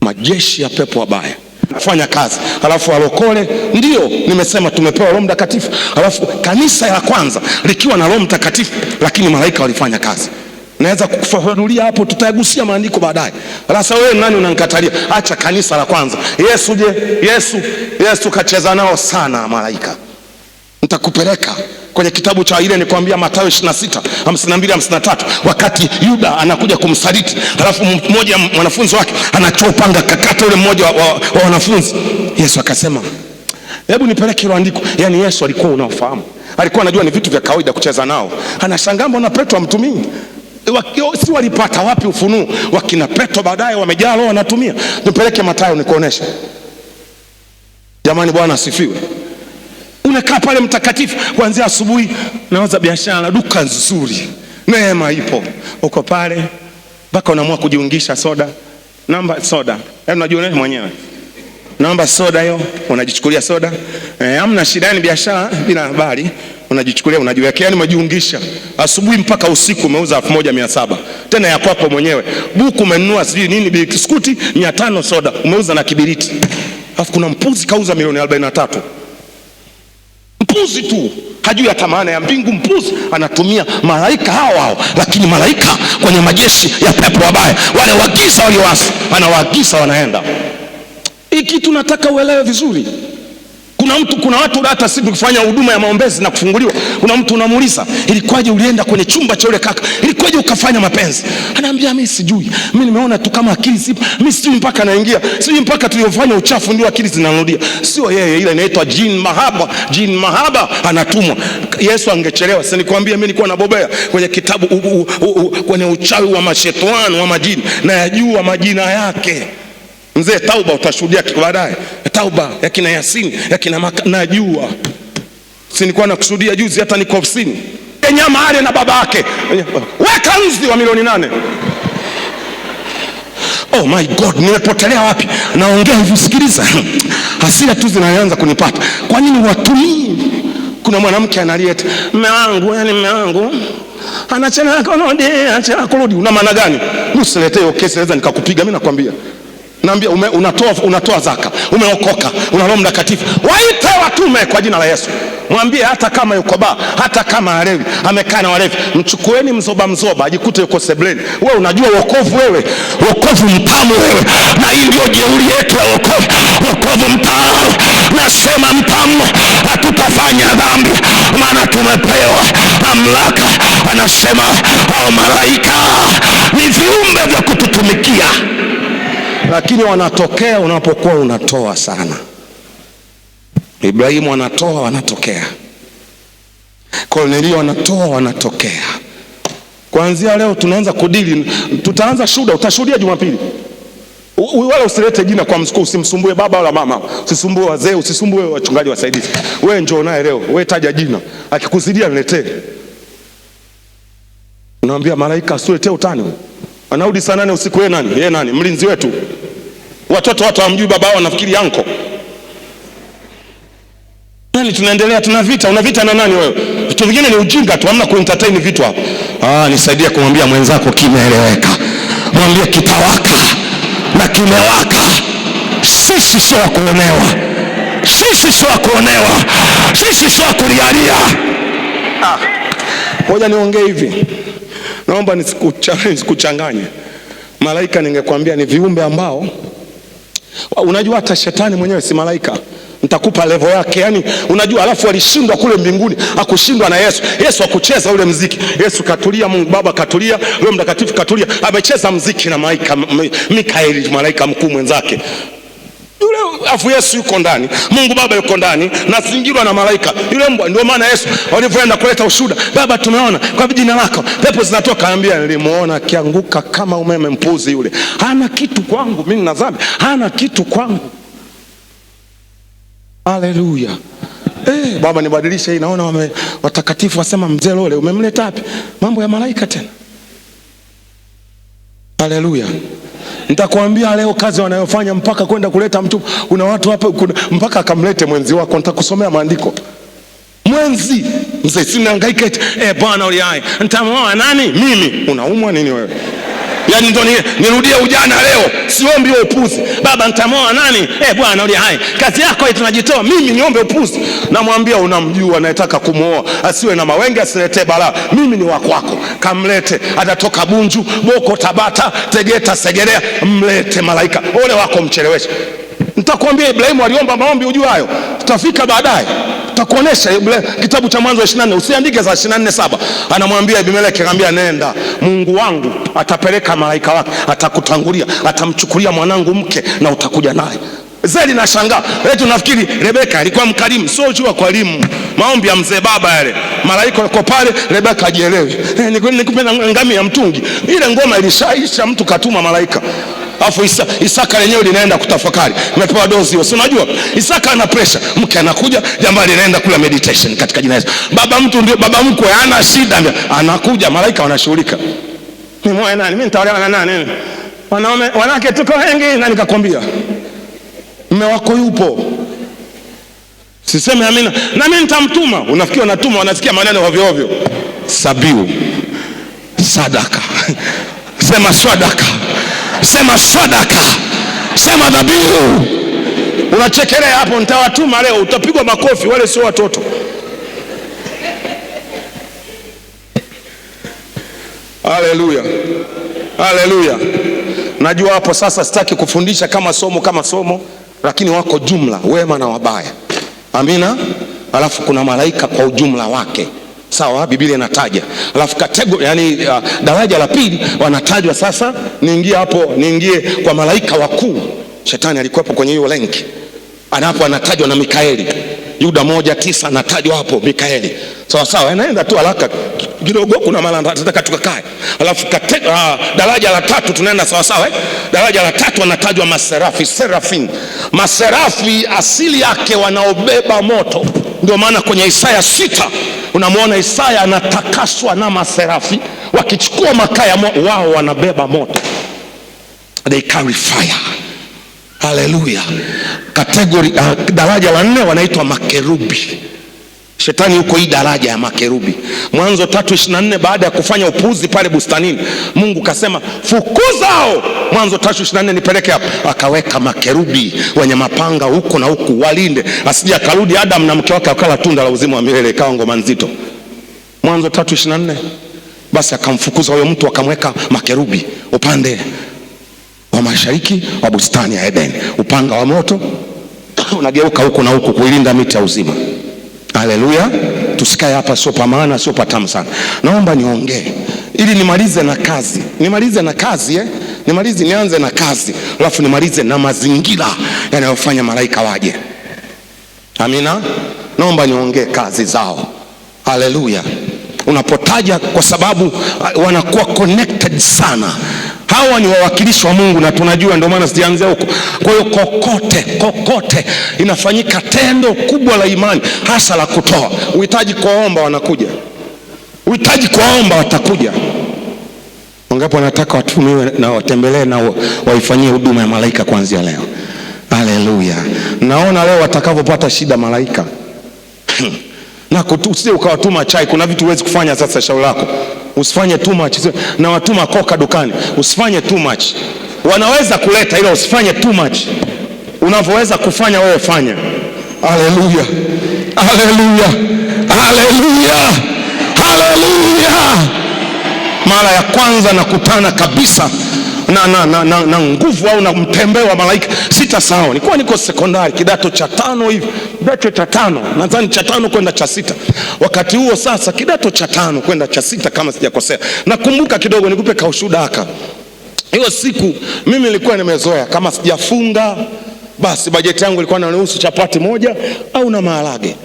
majeshi ya pepo wabaya fanya kazi alafu walokole. Ndio nimesema tumepewa Roho Mtakatifu, alafu kanisa la kwanza likiwa na Roho Mtakatifu, lakini malaika walifanya kazi. Naweza kukufafanulia hapo, tutayagusia maandiko baadaye. Sasa wewe nani unanikatalia? Acha kanisa la kwanza. Yesu je? Yesu Yesu kacheza nao sana malaika, nitakupeleka kwenye kitabu cha ile kuambia Mathayo 26 52 53, wakati Yuda anakuja kumsaliti, halafu mmoja mwanafunzi wake anachopanga upanga kakata ule mmoja wa, wa, wa wanafunzi. Yesu akasema hebu nipeleke ile andiko. Yani Yesu alikuwa unaofahamu, alikuwa anajua ni vitu vya kawaida kucheza nao, anashangaa mbona Petro amtumii si walipata wapi ufunuo? Wakina Petro baadaye wamejaa roho wanatumia. Nipeleke Mathayo nikuoneshe. Jamani, Bwana asifiwe umekaa pale mtakatifu kuanzia asubuhi, naanza biashara na duka nzuri, neema ipo, uko pale mpaka unaamua kujiungisha soda namba soda, yaani unajionea mwenyewe namba soda hiyo, unajichukulia soda e, eh, amna shida, ni yaani biashara bila habari, unajichukulia unajiweka, yani umejiungisha asubuhi mpaka usiku, umeuza 1700 tena ya kwako mwenyewe, buku umenunua sijui nini, biskuti 500 soda umeuza na kibiriti, alafu kuna mpuzi kauza milioni 43 mpuzi tu, hajui hata maana ya mbingu. Mpuzi anatumia malaika hao hao, lakini malaika kwenye majeshi ya pepo wabaya, wale wagiza walioasi, anawaagiza wanaenda. hiki tunataka uelewe vizuri. Kuna mtu, kuna watu hata sisi tukifanya huduma ya maombezi na kufunguliwa, kuna mtu unamuuliza, ilikwaje ulienda kwenye chumba cha yule kaka, ilikwaje ukafanya mapenzi? Anaambia mimi sijui, mimi nimeona tu kama akili zipo, mimi sijui mpaka naingia, sijui mpaka tuliofanya uchafu ndio akili zinarudia. Sio yeye, ile inaitwa jin mahaba. Jin mahaba anatumwa. Yesu angechelewa, sasa nikwambie, mimi nilikuwa nabobea kwenye kitabu u, u, u, u, kwenye uchawi wa mashetani wa majini, na yajua majina yake. Mzee, tauba utashuhudia baadaye, tauba ya kina Yasini ya kina Maka. Najua si nilikuwa nakusudia juzi, hata niko ofisini nyama ale na baba yake, weka nzi wa milioni nane. Oh my God, nimepotelea wapi? Naongea hivi, sikiliza, hasira tu zinaanza kunipata. Kwa nini watumii? Kuna mwanamke analieta eti mume wangu, yani mume wangu anachana kurudi. Una maana gani? Usiletee hiyo kesi, naweza nikakupiga mimi, nakwambia naambia unatoa, unatoa zaka, umeokoka, una Roho Mtakatifu, waite watume kwa jina la Yesu, mwambie hata kama yuko baa, hata kama alevi, amekaa na walevi, mchukueni mzoba mzoba, ajikute yuko sebleni. Wewe unajua wokovu, wewe wokovu mtamu wewe, na hii ndio jeuri yetu ya wokovu, wokovu mtamu. Nasema mtamu, hatutafanya dhambi, maana tumepewa mamlaka. Anasema hao oh, malaika ni viumbe vya kututumikia lakini wanatokea unapokuwa unatoa sana. Ibrahimu anatoa, wanatokea. Kornelio anatoa, wanatokea. Kuanzia leo tunaanza kudili, tutaanza shuda utashuhudia Jumapili wala usilete jina kwa msukuu, usimsumbue baba wala mama, usisumbue wazee, usisumbue wachungaji wasaidizi. Wewe njoo naye leo, wewe taja jina, akikuzidia niletee. Unaambia malaika asiletee utani. Anarudi saa nane usiku, yeye nani? Yeye nani? Mlinzi wetu. Watoto watu hawamjui baba wao, wanafikiri yanko nani. Tunaendelea, tuna vita. Una vita na nani wewe? Vitu vingine ni ujinga tu, hamna kuentertain vitu hapo. Ah, nisaidie kumwambia mwenzako kimeeleweka, mwambie kitawaka na kimewaka. Sisi sio wa kuonewa, sisi sio wa kuonewa, sisi sio wa kulialia. Ah. Ngoja ah, niongee hivi, naomba nisikuchanganye. Malaika ningekwambia ni viumbe ambao Unajua hata shetani mwenyewe si malaika, nitakupa levo yake. Yani unajua, alafu alishindwa kule mbinguni, akushindwa na Yesu. Yesu akucheza ule mziki, Yesu katulia, Mungu Baba katulia, Roho Mtakatifu katulia, amecheza mziki na malaika Mikaeli, malaika mkuu mwenzake yule afu Yesu yuko ndani, Mungu Baba yuko ndani, nazingirwa na malaika yule mbwa. Ndio maana Yesu walivyoenda kuleta ushuda Baba, tumeona kwa jina lako pepo zinatoka, ambia nilimuona akianguka kama umeme. Mpuzi yule, hana kitu kwangu mimi, nina dhambi, hana kitu kwangu. Haleluya. Eh, Baba nibadilishe hii, naona wame, watakatifu wasema mzee Lole umemleta wapi? Mambo ya malaika tena. Haleluya. Nitakwambia leo kazi wanayofanya mpaka kwenda kuleta mtu. Kuna watu hapa mpaka akamlete mwenzi wako. Nitakusomea maandiko. Mwenzi mzee, sinahangaika eti eh, bwana uliaye, nitamwoa nani mimi? Unaumwa nini wewe? yani ndo nirudie ujana leo, siombi wa upuzi. Baba nitamoa nani? Eh bwana, uli hai, kazi yako tunajitoa, mimi niombe upuzi? Namwambia unamjua anayetaka kumwoa asiwe na mawenge, asiletee balaa. Mimi ni wakwako, kamlete. Atatoka Bunju, Boko, Tabata, Tegeta, Segerea, mlete malaika. Ole wako mcheleweshe. Nitakwambia Ibrahimu aliomba maombi, ujua hayo, tutafika baadaye atakuonesha kitabu cha Mwanzo 24 usiandike za 24 saba. Anamwambia Abimeleki, akamwambia nenda, Mungu wangu atapeleka malaika wake, atakutangulia, atamchukulia mwanangu mke na utakuja naye. Zeli na shangaa leo, tunafikiri Rebeka alikuwa mkarimu, sio jua kwalimu maombi ya mzee baba yale, malaika yuko pale, Rebeka ajielewi. Eh, Nikupe ngamia mtungi, ile ngoma ilishaisha, mtu katuma malaika afu Isa, Isaka lenyewe linaenda kutafakari, umepewa dozi hiyo, si unajua Isaka ana pressure, mke anakuja, jamaa linaenda kula meditation katika jina Yesu. Baba mtu ndio baba mkwe, ana shida, anakuja, malaika wanashughulika, ni mwoe nani, mimi nitaolewa na nani? Wanaume wanawake tuko wengi, na nikakwambia mume wako yupo Siseme amina, na mimi nitamtuma. Unafikiri unatuma, wanasikia maneno ovyo ovyo, sabiu sadaka sema swadaka sema sadaka, sema dhabihu. Unachekelea hapo, nitawatuma leo, utapigwa makofi. Wale sio watoto. Haleluya, haleluya. Najua hapo sasa, sitaki kufundisha kama somo kama somo, lakini wako jumla wema na wabaya. Amina. Alafu kuna malaika kwa ujumla wake sawa, Biblia inataja alafu kategori, yani uh, daraja la pili wanatajwa sasa. Niingie hapo, niingie kwa malaika wakuu. Shetani alikuwepo kwenye hiyo lenki, anapo anatajwa na Mikaeli Yuda moja tisa anatajwa hapo Mikaeli, sawa sawa, inaenda tu haraka kidogo, kuna mara nataka tukakae. Alafu uh, daraja la tatu tunaenda sawa sawa eh? Daraja la tatu anatajwa maserafi, serafin. Maserafi asili yake wanaobeba moto, ndio maana kwenye Isaya sita Unamwona Isaya anatakaswa na maserafi, wakichukua makaa ya moto wao wanabeba moto, they carry fire. Haleluya! Kategori uh, daraja la nne wanaitwa makerubi. Shetani yuko hii daraja ya makerubi. Mwanzo 324 baada ya kufanya upuzi pale bustanini, Mungu kasema fukuzao. Mwanzo 324 nipeleke hapa Akaweka makerubi wenye mapanga huko na huku, walinde asije akarudi Adam na mke wake akala tunda la uzima wa milele, ikawa ngoma nzito. Mwanzo 324 basi akamfukuza huyo mtu, akamweka makerubi upande wa mashariki wa bustani ya Eden, upanga wa moto unageuka huko na huku kuilinda miti ya uzima. Haleluya, tusikae hapa, sio pa maana, sio tamu sana. Naomba niongee ili nimalize na kazi, nimalize na kazi eh? Nimalize, nianze na kazi alafu nimalize na mazingira yanayofanya malaika waje. Amina, naomba niongee kazi zao. Haleluya, unapotaja kwa sababu uh, wanakuwa connected sana Hawa ni wawakilishi wa Mungu na tunajua, ndio maana sijaanzia huko. Kwa hiyo kokote kokote inafanyika tendo kubwa la imani, hasa la kutoa. Uhitaji kuwaomba, wanakuja. Uhitaji kuwaomba, watakuja. wangapo wanataka watumiwe na watembelee na waifanyie huduma ya malaika kuanzia leo? Haleluya! Naona leo watakavyopata shida malaika hmm. na usije ukawatuma chai. Kuna vitu huwezi kufanya sasa, shauri lako. Usifanye too much, na watuma koka dukani, usifanye too much. Wanaweza kuleta ila usifanye too much. Unavyoweza kufanya wewe fanya. Haleluya, haleluya, haleluya, haleluya. Mara ya kwanza nakutana kabisa na, na, na, na, na nguvu au na mtembeo wa malaika, sitasahau. Nilikuwa niko sekondari kidato cha tano hivi kidato cha tano nadhani cha tano kwenda cha sita, wakati huo sasa, kidato cha tano kwenda cha sita kama sijakosea. Nakumbuka kidogo, nikupe kaushuda haka. Hiyo siku mimi nilikuwa nimezoea kama sijafunga, basi bajeti yangu ilikuwa inanihusu chapati moja au na maharage